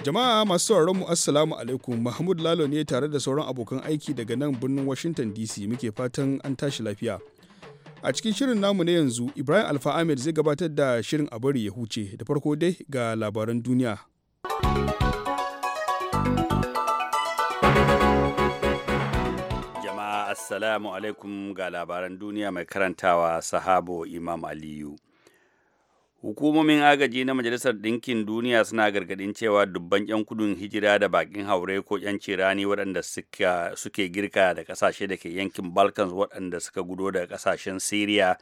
Jama'a masu sauraron mu Assalamu alaikum Mahmud Lalo ne tare da sauran abokan aiki daga nan birnin Washington DC muke fatan an tashi lafiya. A cikin shirin namu na yanzu Ibrahim Alfa Ahmed zai gabatar da shirin a bari ya huce da farko dai ga labaran duniya. Jama'a Assalamu alaikum ga labaran duniya mai karantawa sahabo Imam Aliyu. Hukumomin agaji na Majalisar Ɗinkin Duniya suna gargadin cewa dubban 'yan kudun hijira da bakin haure ko 'yan cirani waɗanda suke girka da ƙasashe da ke yankin Balkans waɗanda suka gudo da ƙasashen Siriya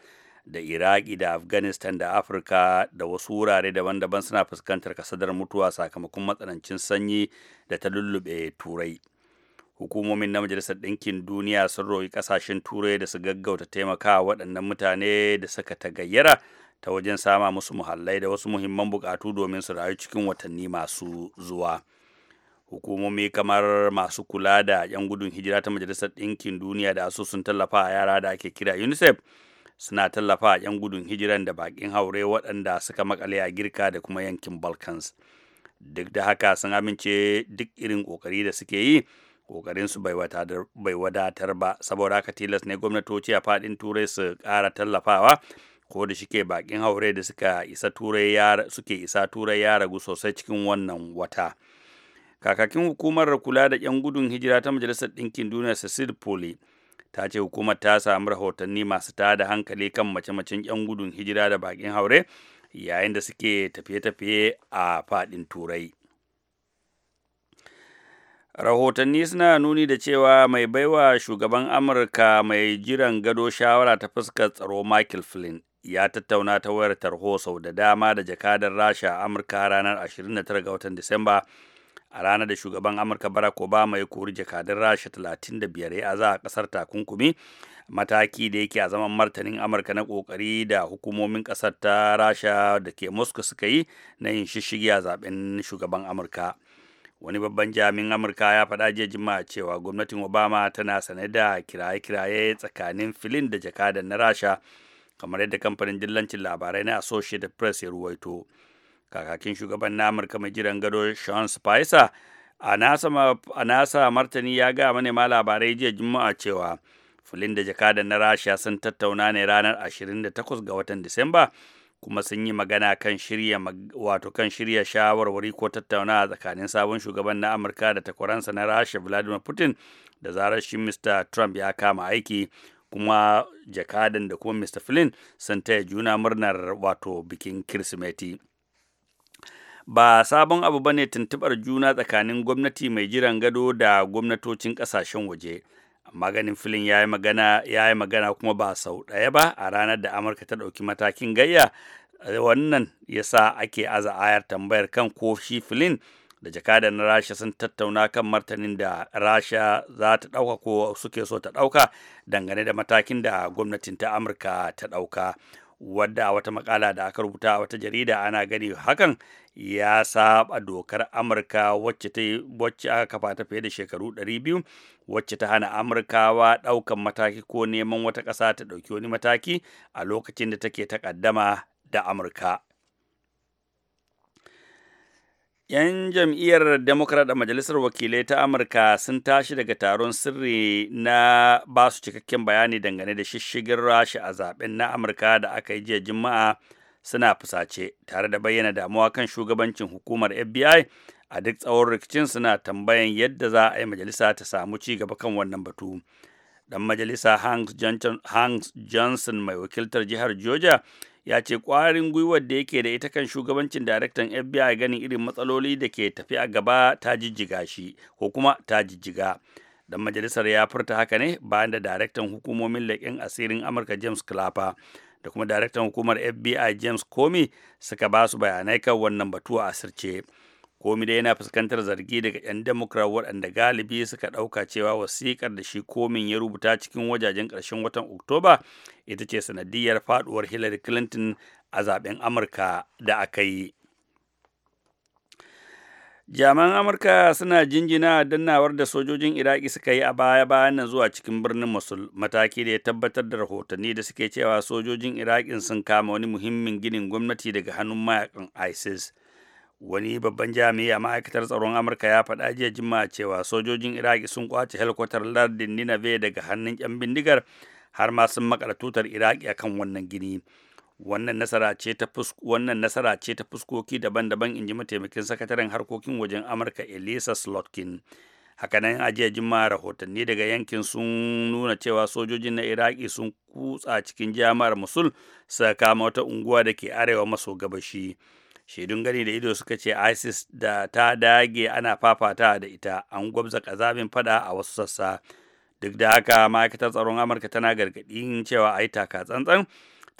da Iraki da Afghanistan da Afirka da wasu wurare daban-daban suna fuskantar kasadar mutuwa sakamakon matsanancin sanyi da ta lullube Turai. hukumomin na majalisar ɗinkin duniya sun roƙi ƙasashen turai da su gaggauta taimakawa waɗannan mutane da suka tagayyara ta wajen sama musu muhallai da wasu muhimman bukatu domin su rayu cikin watanni masu zuwa hukumomi kamar masu kula da 'yan gudun hijira ta majalisar ɗinkin duniya da asusun tallafa a yara da ake kira unicef suna tallafa a 'yan gudun hijiran da bakin haure waɗanda suka makale a girka da kuma yankin balkans duk da haka sun amince duk irin ƙoƙari da suke yi ƙoƙarinsu bai wadatar ba saboda haka tilas ne gwamnatoci a faɗin turai su ƙara tallafawa ko da shike bakin haure da suka isa turai ya suke isa turai ya ragu sosai cikin wannan wata kakakin hukumar kula da yan gudun hijira ta majalisar ɗinkin duniya cecil poli ta ce hukumar ta samu rahotanni masu tada hankali kan mace-macen yan gudun hijira da bakin haure yayin da suke tafiye-tafiye a faɗin turai rahotanni suna nuni da cewa mai baiwa shugaban amurka mai jiran gado shawara ta fuskar tsaro michael flynn ya tattauna ta wayar tarho sau da dama da jakadar rasha amurka ranar 29 ga watan disamba a ranar da shugaban amurka barack obama ya kori jakadar rasha 35 ya aza a kasar takunkumi mataki da yake a zaman martanin amurka na kokari da hukumomin kasar ta rasha da ke moscow suka yi na yin shishigi a zaben shugaban amurka wani babban jami'in amurka ya faɗa jiya jima cewa gwamnatin obama tana sane da kiraye-kiraye tsakanin filin da jakadan na rasha kamar yadda kamfanin dillancin labarai na associated press ya ruwaito kakakin shugaban na amurka mai jiran gado sean spicer a nasa martani ya ga manema labarai jiya juma'a cewa filin da jakadan na rasha sun tattauna ne ranar 28 ga watan disamba kuma sun yi magana kan shirya wato kan shirya shawarwari ko tattauna a tsakanin sabon shugaban na amurka da takwaransa na rasha vladimir putin da zarar shi mr trump ya kama aiki kuma jakadan da kuma mr flynn sun taya juna murnar wato bikin kirsimeti ba sabon abu bane tuntubar juna tsakanin gwamnati mai jiran gado da gwamnatocin kasashen waje maganin ganin filin ya yi magana ya yi magana kuma ba sau ɗaya ba a ranar da amurka ta ɗauki matakin gayya wannan ya sa ake aza ayar tambayar kan ko shi filin da jakadan na rasha sun tattauna kan martanin da rasha za ta dauka ko suke so ta dauka dangane da matakin da gwamnatin ta amurka ta dauka wadda wata makala da aka rubuta wata jarida ana gani hakan ya saba dokar amurka wacce ta wacce aka kafa ta fiye da shekaru 200 wacce ta hana amurkawa daukan mataki ko neman wata ƙasa ta dauki wani mataki a lokacin da take takaddama da amurka 'Yan jam'iyyar Democrat da Majalisar Wakilai ta Amurka sun tashi daga taron sirri na ba su cikakken bayani dangane da shishigin rashi a zaben na Amurka da aka yi jiya Juma'a suna fusace tare da bayyana damuwa kan shugabancin hukumar FBI a duk tsawon rikicin suna tambayan yadda za a yi majalisa ta samu ci gaba kan wannan batu. Dan majalisa hans Johnson, Hanks Johnson mai wakiltar jihar Georgia ya ce ƙwarin gwiwar da yake da ita kan shugabancin daraktan FBI ganin irin matsaloli da ke tafi a gaba ta jijjiga shi ko kuma ta jijjiga. Dan majalisar ya furta haka ne bayan da daraktan hukumomin leƙen asirin Amurka James Clapper da kuma daraktan hukumar FBI James Comey suka ba su bayanai kan wannan batu a asirce. komi da yana fuskantar zargi daga 'yan democrat waɗanda galibi suka ɗauka cewa wasikar da shi komin ya rubuta cikin wajajen ƙarshen watan oktoba ita ce sanadiyar faɗuwar hillary clinton a zaben amurka da aka yi jami'an amurka suna jinjina dannawar da sojojin iraki suka yi a baya bayan nan zuwa cikin birnin mosul mataki da ya tabbatar da rahotanni da suke cewa sojojin iraki sun kama wani muhimmin ginin gwamnati daga hannun mayakan isis wani babban jami'a ma'aikatar tsaron amurka ya faɗa jiya jimma cewa sojojin iraki sun kwace helikwatar lardin ninave daga hannun 'yan bindigar har ma sun makara tutar iraki akan wannan gini wannan nasara ce ta fuskoki daban-daban in ji mataimakin sakataren harkokin wajen amurka elisa slotkin hakanan a jiya jimma rahotanni daga yankin sun nuna cewa sojojin na iraki sun kutsa cikin jami'ar musul suka kama wata unguwa da ke arewa maso gabashi shaidun gani da ido suka ce isis da ta dage ana fafata da ita an gwabza kazabin fada a wasu sassa duk da haka ma'aikatar tsaron amurka tana gargaɗin cewa a yi taka tsantsan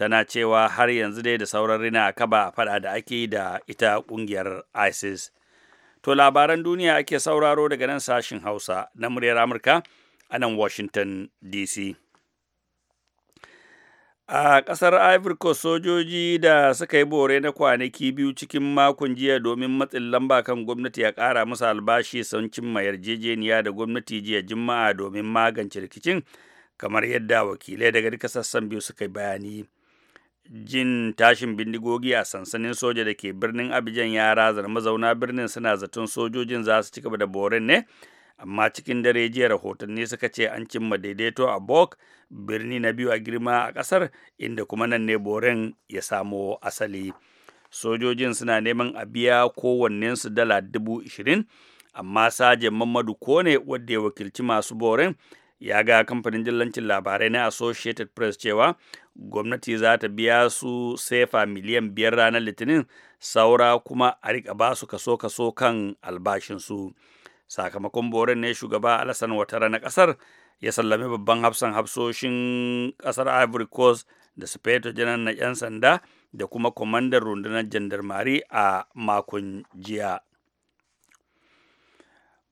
tana cewa har yanzu dai da sauran rina a kaba fada da ake da ita ƙungiyar isis to labaran duniya ake sauraro daga nan sashin hausa na muryar amurka a nan washington dc A ƙasar Ivory sojoji da suka yi bore na kwanaki biyu cikin makon jiya domin matsin lamba kan gwamnati ya ƙara musu albashi sun cimma yarjejeniya da gwamnati jiya Juma'a domin magance rikicin kamar yadda wakilai daga duka sassan biyu suka yi bayani. Jin tashin bindigogi a sansanin soja da ke birnin abijan ya razana mazauna birnin suna zaton sojojin za su ci gaba da boren ne. amma cikin dare jiya rahotanni suka ce an cimma daidaito a bok birni na biyu a girma a ƙasar inda kuma nan ne boren ya samo asali sojojin suna neman a biya kowannensu dala dubu ishirin amma sajin mamadu ne wadda ya wakilci masu boren ya ga kamfanin jallancin labarai na associated press cewa gwamnati za ta biya su sefa miliyan biyar ranar litinin saura kuma a riƙa ba su kaso-kaso kan albashinsu. sakamakon borin ne shugaba alasan watara na kasar ya sallame babban hafsan hafsoshin kasar ivory coast da sufeto janar na 'yan sanda da kuma kwamandan rundunar jandarmari a makon jiya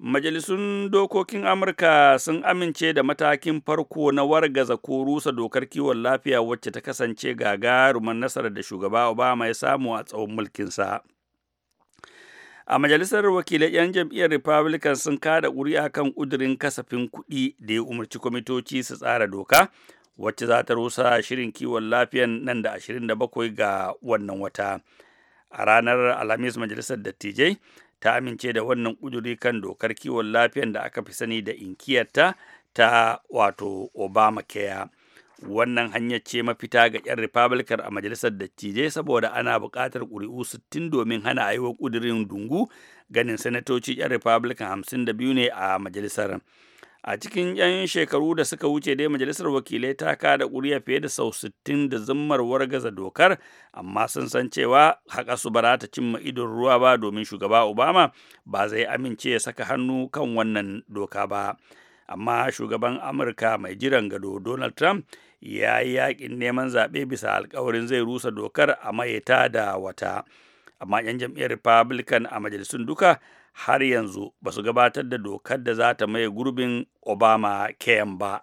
majalisun dokokin amurka sun amince da matakin farko na wargaza ko rusa dokar kiwon lafiya wacce ta kasance gagarumin nasarar da shugaba obama ya samu a tsawon mulkinsa. sa a majalisar wakilai 'yan jam'iyyar republican sun kada ƙuri'a kan ƙudurin kasafin kuɗi da ya umarci kwamitoci su tsara doka wacce za ta rusa shirin kiwon lafiyan nan da 27 ga wannan wata a ranar alhamis majalisar dattijai ta amince da wannan ƙuduri kan dokar kiwon lafiyan da aka fi sani da inkiyarta ta wato obamacare wannan hanyar ce mafita ga 'yan republican a majalisar dattijai saboda ana buƙatar ƙuri'u 60 domin hana aiwa ƙudurin dungu ganin sanatoci 'yan republican 52 ne a majalisar a cikin 'yan shekaru da suka wuce dai majalisar wakilai ta ka da ƙuri'a fiye da sau 60 da zimmar wargaza dokar amma sun san cewa haka su bara ta cimma idon ruwa ba domin shugaba obama ba zai amince ya saka hannu kan wannan doka ba amma shugaban amurka mai jiran gado donald trump ya yi yakin neman zaɓe bisa alkawarin zai rusa dokar a mayeta da wata amma 'yan jam'iyyar republican a majalisun duka har yanzu ba su gabatar da dokar da za ta maye gurbin obama kayan ba.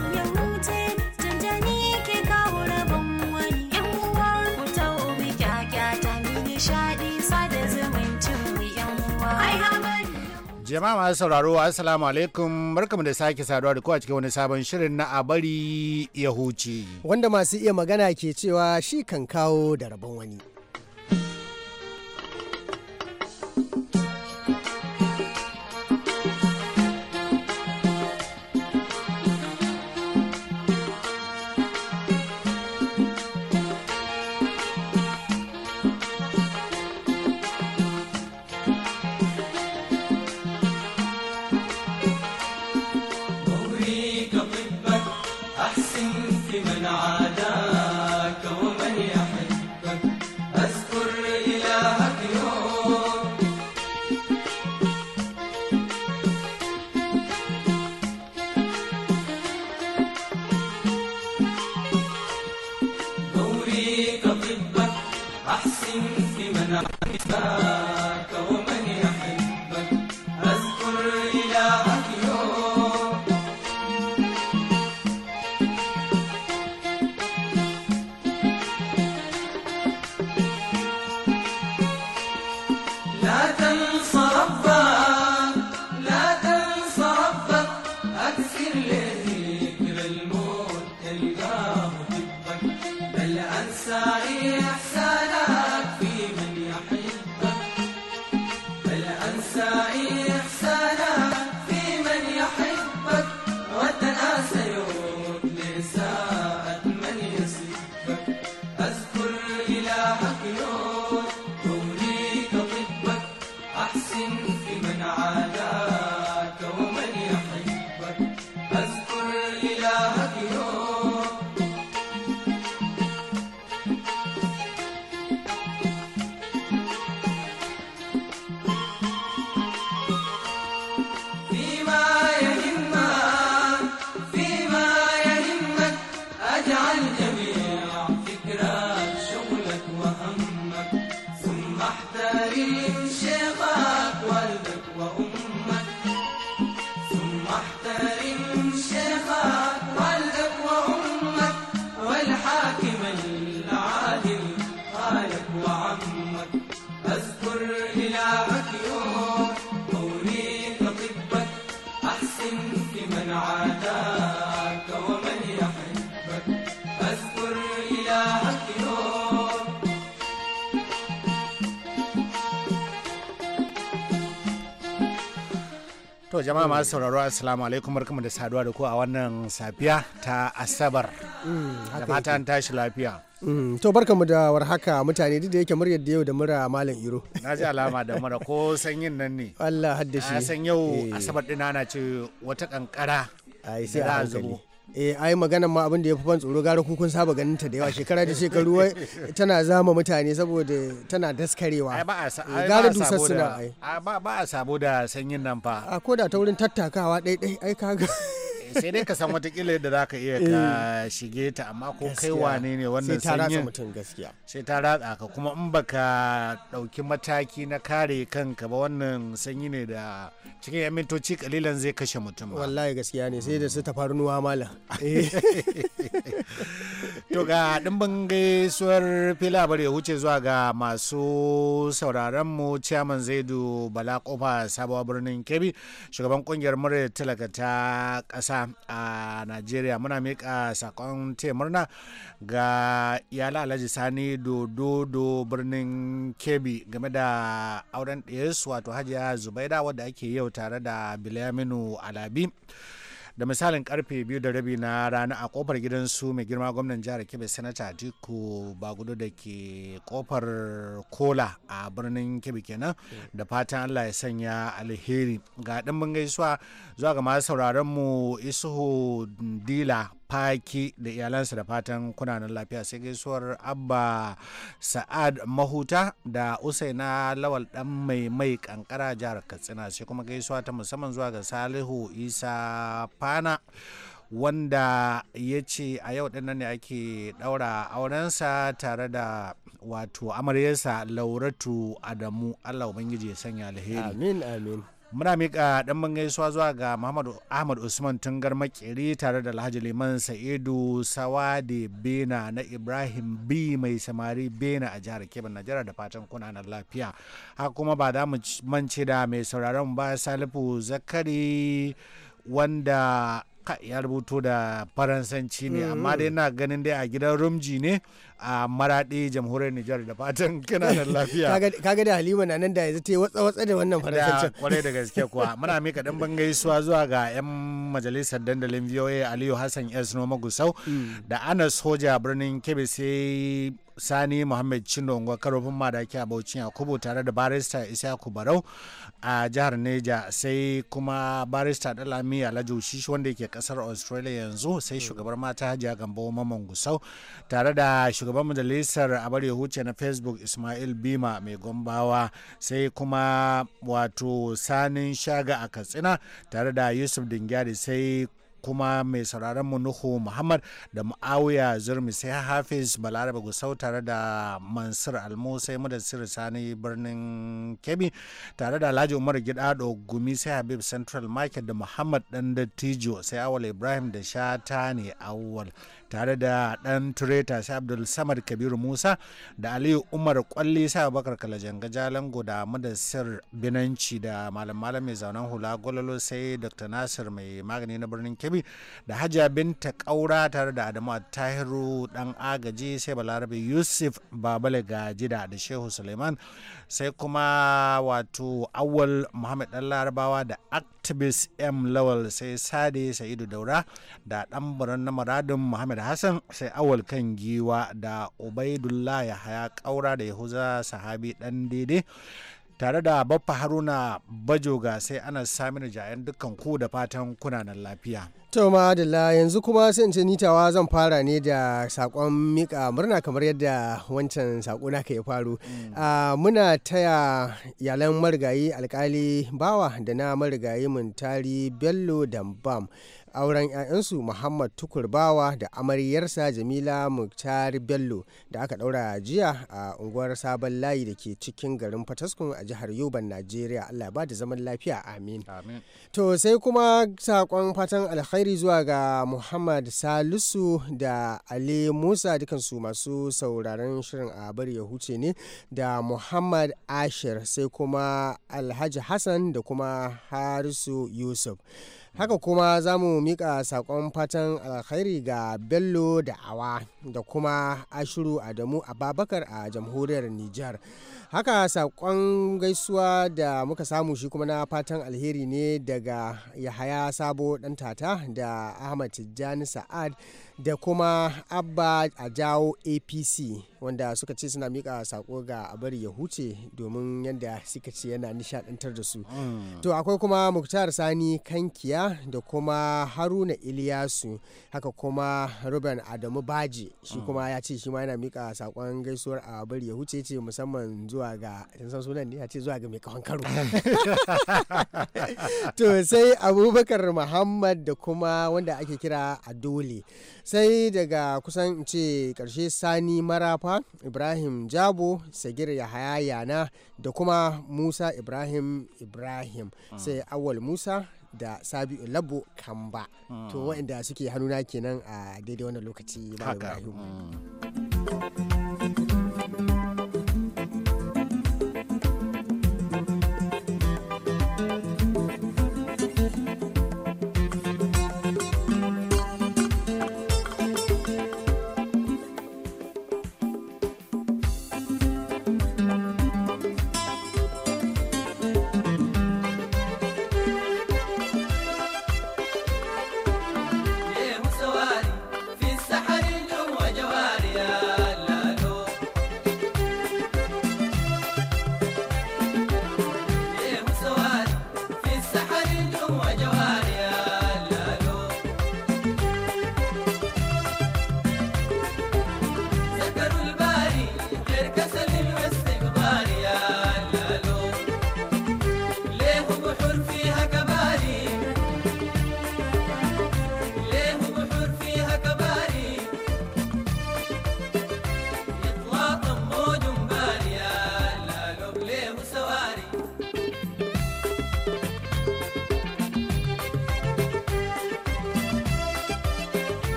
Jama'a masu sauraro assalamu alaikum barkamu da sake saduwa da kowa cikin wani sabon shirin na abari ya huce. Wanda masu iya magana ke cewa shi kan kawo da rabon wani. sing To jama'a masu eh. sauraro assalamu alaikum barkamu da saduwa da ku a wannan safiya ta Asabar. Mm, da an tashi lafiya. Mm, to barkamu da warhaka mutane duk da yake muryar da yau da mura malam Iro. Na ji alama da mura ko sanyin nan ne. Allah haddashi. Na san yau eh. Asabar dina ana ce wata kankara. Ai sai a hankali. eh ai magana ma abin da ya fi ban tsoro gara kun saba ganin ta da yawa shekara da shekaru wai tana zama mutane saboda tana daskarewa gara dusar suna ai ba a sabo da sanyin nan fa a ko ta wurin tattakawa ɗaiɗai ai kaga sai dai ka san watakila yadda za ka iya ka eh. shige ta amma ko kai wane ne wannan sanyin sai ta ratsa ka kuma in baka dauki mataki na kare kanka ba wannan sanyi ne da cikin yan kalilan zai kashe mutum ba wallahi gaskiya ne sai da su ta faru nuwa mala eh. to ga dimbin gaisuwar fila ya huce zuwa ga masu sauraron mu ciyaman zaidu bala kofa sabuwar birnin kebbi shugaban kungiyar murya talaka ta kasa a najeriya muna miƙa sakon taya murna ga iyala alhaji sani do-do-do birnin kebbi game da auren ɗayarsu wato hajiya zubaida wadda ake yau tare da bilaminu alabi da misalin karfe biyu da rabi na rana a kofar gidansu mai girma gwamnan jihar kebe sanata atiku bagudu da ke kofar kola a birnin kebe kenan da fatan allah ya sanya alheri ga dan gaisuwa zuwa ga masu sauraron mu isuhu dila faki da iyalansa da fatan kunanan lafiya sai gaisuwar abba sa'ad mahuta da usaina lawal dan mai mai kankara jihar katsina sai kuma gaisuwa ta musamman zuwa ga salihu isa fana wanda ya ce a yau nan ne ake daura aurensa tare da wato amaryarsa lauratu adamu allah ubangiji ya sanya alheri muna miƙa ɗan gaisuwa zuwa ga muhammadu ahmad usman tun makeri tare da alhaji liman sa'idu sawade bena na ibrahim bi mai samari bena a jihar kebbi najeriya da fatan kunanan lafiya ha kuma ba da mance da mai sauraron ba salifu zakari wanda ya rubuto da faransanci ne mm. amma dai na ganin dai a gidan rumji ne a maraɗe jamhuriyar Nijar da fatan kina nan lafiya. Kaga da Halima na nan da yanzu ta watsa watsa da wannan da Kwarai da gaske kuwa muna mika dan ban gaisuwa zuwa ga yan majalisar dandalin VOA Aliyu Hassan S Noma Gusau mm. da Anas Hoja birnin Kebbi sai Sani Muhammad Chinongo karofin madaki a Bauchi a Yakubu tare da barista Isaku Barau a jihar Neja sai kuma barista Dalami Alhaji Shishi wanda yake kasar Australia yanzu sai mm. shugabar mata Hajiya Gambo Maman Gusau tare da shugabar shugaban majalisar a ya huce na facebook ismail bima mai gombawa sai kuma wato sanin shaga a katsina tare da yusuf dingyari sai kuma mai sauraron mu Nuhu Muhammad da Muawiya Zurmi sai Hafiz Balarabe Gusau tare da Mansur Almu sai mu da Sir Sani birnin kebi tare da Alhaji Umar gida Gumi sai Habib Central Market da Muhammad Dan Dattijo sai Awal Ibrahim da ne Awal. tare da ɗan tureta sai abdul samad kabiru musa da aliyu umar kwalli sai abubakar kalajanga jalango da madasir binanci da malam malam mai zaunen hula gwalolo sai dr nasir mai magani na birnin kebbi da hajiya binta kaura tare da adamu tahiru dan agaji sai balarabe yusuf babale gajida da shehu suleiman sai kuma wato awal muhammad dan larabawa da activist m lawal sai sade sa'idu daura da dan na muradin muhammad da hassan sai awal kan giwa da ubaidullah ya haya kaura da yahuza sahabi dan daidai tare da baffa haruna bajoga sai ana samun jayan dukkan ku da fatan kunanan lafiya to madalla yanzu kuma sai in ce nitawa zan fara ne da sakon mika murna kamar yadda wancan sako na ka ya faru mm. muna taya yalan marigayi alkali bawa da na marigayi muntari bello dambam auren 'ya'yansu muhammad tukurbawa da amaryarsa jamila muktar bello da aka daura jiya a unguwar sabon layi da ke cikin garin fataskun a jihar yoban najeriya allah ba da zaman lafiya amin to sai kuma saƙon fatan alkhairi zuwa ga muhammad salisu da ali musa dukansu masu sauraron shirin a bari ya huce ne da muhammad ashir sai kuma alhaji hassan da kuma harisu yusuf haka kuma za mu mika sakon fatan alkhairi ga bello da awa da kuma ashiru adamu ababakar a jamhuriyar nijar haka sakon gaisuwa da muka samu shi kuma na fatan alheri ne daga yahaya sabo dan tata da ahmad tijjani sa'ad da kuma abba a jawo apc wanda suka ce suna mika sako ga abari ya huce domin yadda suka ce yana nishadantar da su mm. to akwai kuma muktar sani kankiya da kuma haruna iliyasu haka kuma ruben adamu baji shi mm. kuma ya ce shi ma yana mika sakon gaisuwar a bari ya huce ce musamman zuwa ga san sunan ne ya ce zuwa ga mai kawan karo to sai abubakar muhammad da kuma wanda ake kira adole. sai daga kusan ce karshe sani marafa ibrahim jabo sagir yahaya yana da kuma musa ibrahim ibrahim hmm. sai awal musa da sabi labo kamba to hmm. waɗanda suke hannuna kenan a daidai wannan lokaci ba ibrahim hmm. Yes,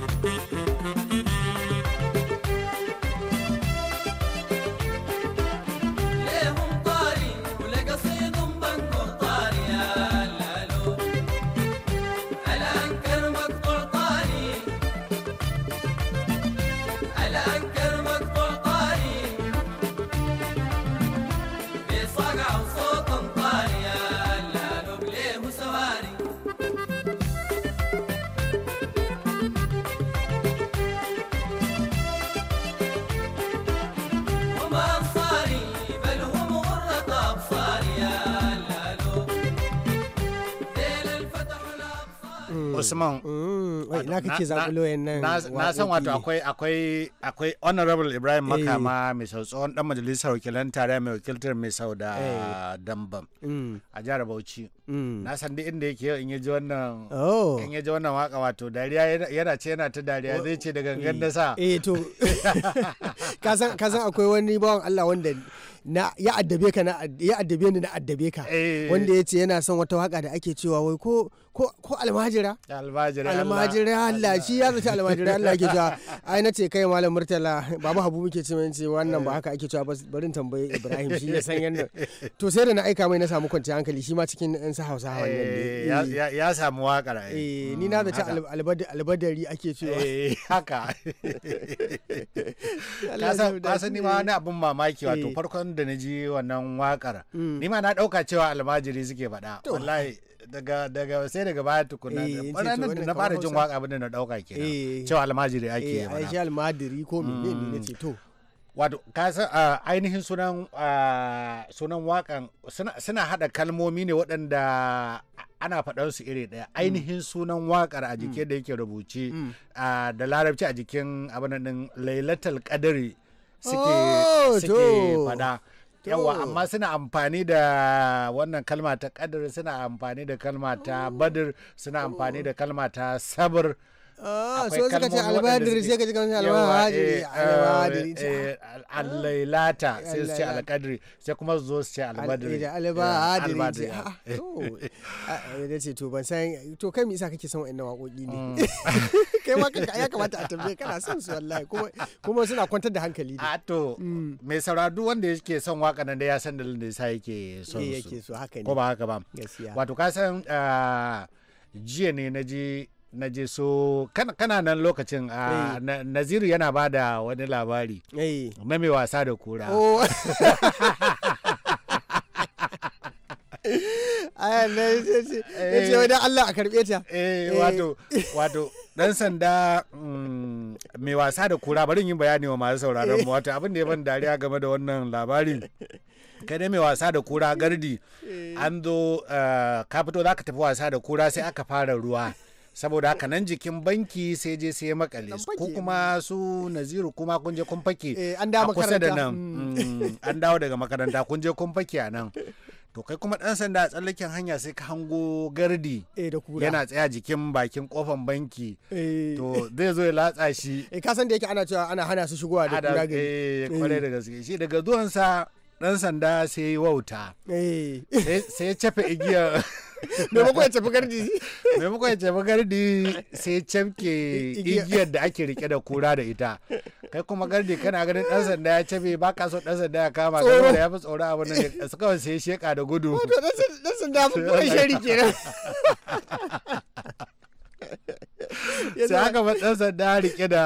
Thank you. Usman. Mm, na kake zaɓulo nan. Na san wato akwai akwai akwai Honorable Ibrahim eh. Makama mai sau tsohon dan majalisar wakilan tare mai wakiltar mai sau da eh. Dambam mm. a jihar Bauchi. Mm. Na san duk inda yake in yaji wannan oh. in yaji wannan waka wato dariya yana ce yana ta dariya oh. zai ce da gangan da sa. Eh to ka san akwai wani bawan Allah wanda na ya addabe ka na ya addabe ni na addabe ka eh. wanda yace yana son wata waka da ake cewa wai ko ko almajira almajira almajira Allah shi ya zace almajira Allah ke cewa ai nace kai malam murtala babu habu muke ce mun ce wannan ba haka ake cewa barin tambaye Ibrahim shi ya san yanda to sai da na aika mai na samu kwanciyar hankali shi ma cikin yan sa Hausa hawan ne eh, ya samu wakara. eh ni na zaci albadari ake cewa eh haka ka san ni ma wani abun mamaki wato eh. farkon da na ji wannan wakara mm. ni ma na dauka cewa almajiri suke faɗa wallahi daga daga sai daga baya tukuna ranar eh, da na fara jin waka abin da na dauka kenan eh. cewa almajiri ake yi eh, ai shi almajiri ko menene ne mm. ce to wato ka san ah, ainihin sunan ah, sunan wakan suna hada kalmomi ne waɗanda ana faɗan su iri ɗaya mm. ainihin sunan wakar a jike mm. da yake rubuce ah, da larabci a jikin abin nan lailatul qadari suke oh, suke fada yawa amma suna amfani da wannan kalma ta kadir suna amfani da kalma ta oh. badir suna amfani oh. da kalma ta sabr Ah, so suka ce albadiri sai ka ji kamar albadiri eh, eh, albadiri eh, allailata sai su ce alkadiri sai kuma su zo su ce albadiri albadiri ah, to ah, ce to ban san to kai me yasa kake son wa'annan waƙoƙi ne mm. kai ma ya kamata a tambaye kana son su wallahi kuma suna kwantar da hankali ne a to mm. mai sauraro wanda yake son waka nan da ya san dalilin da yasa yake son su ko ba haka ba wato ka san jiya ne na ji na je so kana nan lokacin a naziru yana ba da wani labari na mai wasa da kura oh. aya na ya ce wani Allah a karbe ta eh wato wato dan sanda mm, mai wasa da kura bari yin bayani wa masu sauraron mu wato abin da ya ban dariya game da wannan labarin kai dai mai wasa da kura gardi an zo eh, ka fito za ka tafi wasa da kura sai aka fara ruwa saboda haka nan jikin banki sai je sai makale ko kuma su naziru kuma kun je kun fake eh, an dawo kusa da nan mm, an dawo daga makaranta kun je kun fake a nan to kai kuma dan sanda a tsallaken hanya sai ka hango gardi eh, yana tsaya jikin bakin kofan banki eh. to zai zo ya latsa shi eh ka san da yake ana cewa ana hana su shigowa da kura gari eh kwarai da gaske shi daga zuwan sa, dan sanda sai wauta sai ya cafe igiyar maimakon ya cefi gardi maimakon ya cefi gardi sai camke igiyar da ake rike da kura da ita kai kuma gardi kana ganin dan sanda ya cabe ba ka so dan sanda ya kama ka da ya fi tsoro abin nan suka sai sheka da gudu dan sanda ya fi shari kenan sai aka ba dan sanda rike da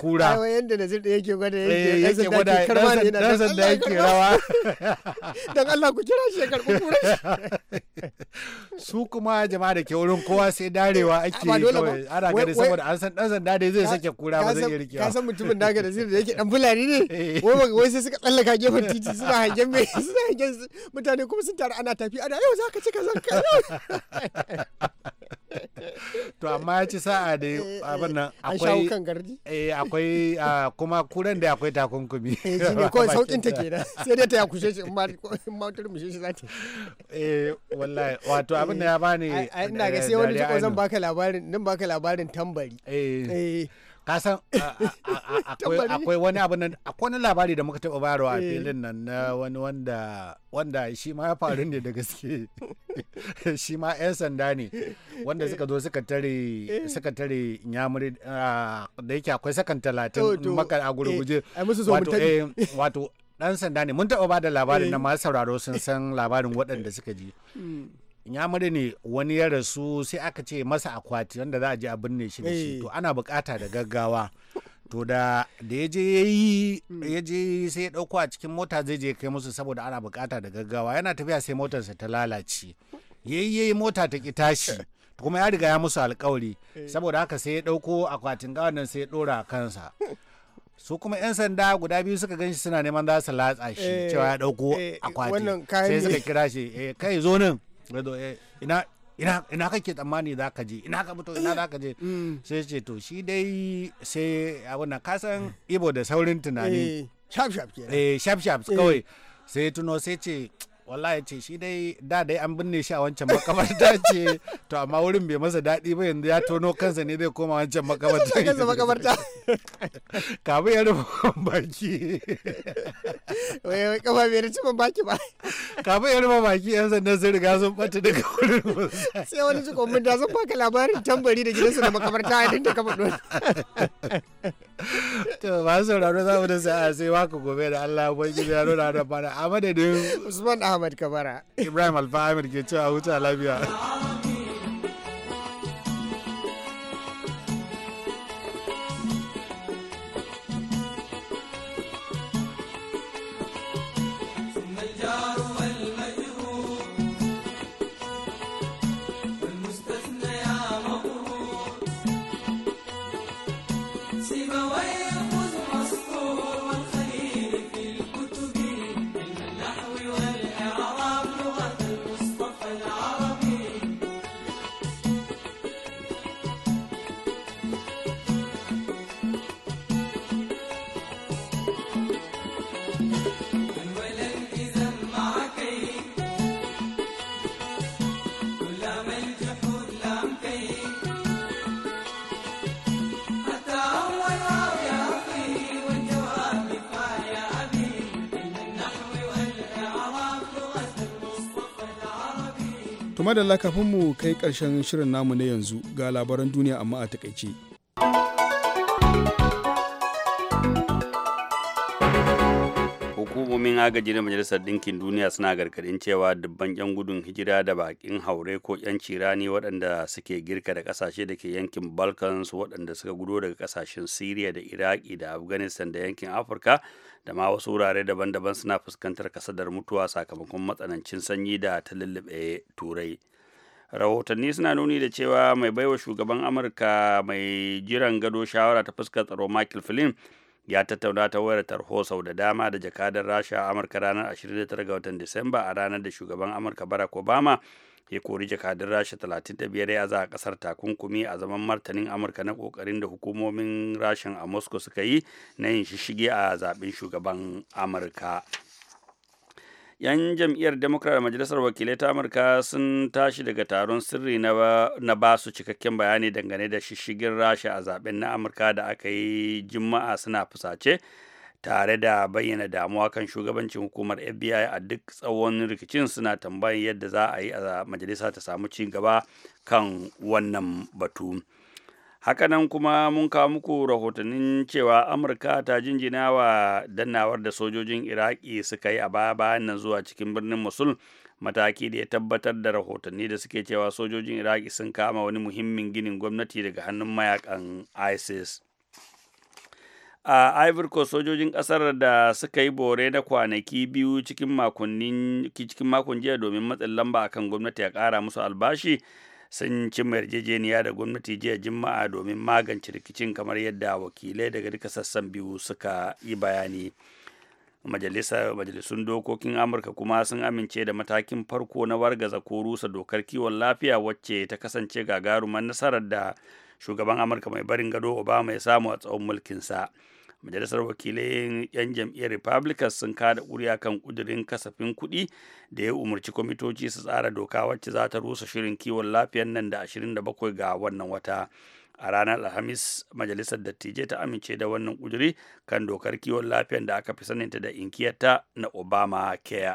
kura ai yanda da da yake gwada eh, yake yake gwada karma ne dan sanda yake rawa dan Allah ku kira shi karbu kura su kuma jama'a da ke wurin kowa sai darewa ake kawai ana gani saboda an san dan sanda dai zai sake kura ba zai rike ka san mutumin daga Nazir da yake dan fulani ne eh. wai wai sai suka tsallaka gefen titi suna hangen me suna hangen mutane kuma sun taru ana tafi ana yau zaka ci ka zanka to amma ya ci sa'a da eh, eh, abin nan akwai eh akwai ah, kuma kuren da akwai takunkumi eh shine kawai saukin ta da sai dai ta ya kushe shi in ma turmushe shi zata eh wallahi wato abin da ya bani eh, ina ga sai wani jiko zan baka labarin nan baka labarin tambari eh ka san akwai wani abu nan akwai wani labari da muka taba bayarwa a eh. filin nan na wani wanda wanda shi ma ya faru ne da gaske shi ma yan sanda ne wanda suka zo suka tare eh. suka tare nyamuri da yake akwai sakan talatin oh, maka a gurguje eh, wato dan sanda ne mun taba ba da labarin na ma sauraro sun san labarin waɗanda suka ji hmm. inyamuri ne wani ya rasu sai aka ce masa akwati wanda za a je a binne shi da shi eh. to ana bukata da gaggawa to da da ya je ya mm. je sai ya dauko a cikin mota zai je kai musu saboda ana bukata da gaggawa yana tafiya sai motarsa ta lalace yayi yayi mota ta ki tashi kuma ya riga ya musu alkawari eh. saboda haka sai ya dauko akwatin gawan nan sai ya dora kansa su kuma 'yan sanda guda biyu suka ganshi suna neman za su latsa shi eh. cewa ya dauko akwati sai suka kira shi kai zo nan Eh, ina ina ina kake tsammani za ka je ina ka mutu ina za ka je mm. Mm. sai ce to shi dai sai abu nan kasan ibo da saurin tunani eh, shaf shaf kenan eh shaf shaf kawai eh. sai tuno sai ce wallahi ce shi dai da dai an binne shi a wancan makabarta ce to amma wurin bai masa daɗi ba yanzu ya tono kansa ne zai koma wancan makabarta kansa makabarta kabu ya rufe baki wai kafa bai rufe ban baki ba kabu ya rufe baki yan sanda sun riga sun bata daga wurin sai wani jikon mun da sun baka labarin tambari da gidansu da makabarta a dinta kafa ɗo. to ba sauraro za mu da sa'a sai waka gobe da Allah bai gidi ya nuna da bana a madadin Usman Ahmad Kabara Ibrahim Alfa Ahmed ke cewa huta lafiya game da lakafinmu mu kai ƙarshen shirin namu na yanzu ga labaran duniya amma a takaice. hukumomin agaji na majalisar ɗinkin duniya suna gargaɗin cewa dubban 'yan gudun hijira da baƙin haure ko 'yan cirani waɗanda suke girka da ƙasashe da ke yankin balkans waɗanda suka gudo daga ƙasashen Siriya da iraki da afghanistan da yankin afirka da ma wasu wurare daban-daban suna fuskantar kasadar mutuwa sakamakon matsanancin sanyi da ta lullube turai rahotanni suna nuni da cewa mai baiwa shugaban amurka mai jiran gado shawara ta fuskar tsaro michael flynn ya tattauna ta wayar tarho sau da dama da jakadar rasha a amurka ranar 29 ga watan disamba a ranar da shugaban amurka barack obama ya kori jakadar rasha 35 ya za a kasar takunkumi a zaman martanin amurka na kokarin da hukumomin rashin a moscow suka yi na yin shishige a zaben shugaban amurka 'yan jam'iyyar democrat majalisar wakilai ta amurka sun tashi daga taron sirri na ba su cikakken bayani dangane da shishigin rasha a zaben na amurka da aka yi juma'a suna fusace tare da bayyana damuwa kan shugabancin hukumar fbi a duk tsawon rikicin suna tambayin yadda za a yi a majalisa ta samu ci gaba kan wannan batu. hakanan kuma mun kawo muku rahotannin cewa amurka ta jinjina wa dannawar da sojojin iraki suka yi a baya bayan nan zuwa cikin birnin musul mataki da ya tabbatar da rahotanni da suke cewa sojojin iraki sun kama wani muhimmin ginin gwamnati daga hannun mayakan isis a ivory sojojin kasar da suka yi bore na kwanaki biyu cikin makon jiya domin matsin lamba akan gwamnati ya kara musu albashi sun cimma yarjejeniya da gwamnati jiya juma'a domin magance rikicin kamar yadda wakilai daga duka sassan biyu suka yi bayani majalisa majalisun dokokin amurka kuma sun amince da matakin farko na wargaza ko rusa dokar kiwon lafiya wacce ta kasance gagarumar nasarar da shugaban amurka mai barin gado obama ya samu a tsawon mulkinsa. sa majalisar wakilai 'yan jam'iyyar republicans sun kada kuri'a kan kudirin kasafin kuɗi da ya umarci kwamitoci su tsara doka wacce za ta rusa shirin kiwon lafiyar nan da 27 ga wannan wata a ranar alhamis majalisar dattijai ta amince da wannan kuduri kan dokar kiwon lafiyar da aka fi saninta da inkiyarta na obama care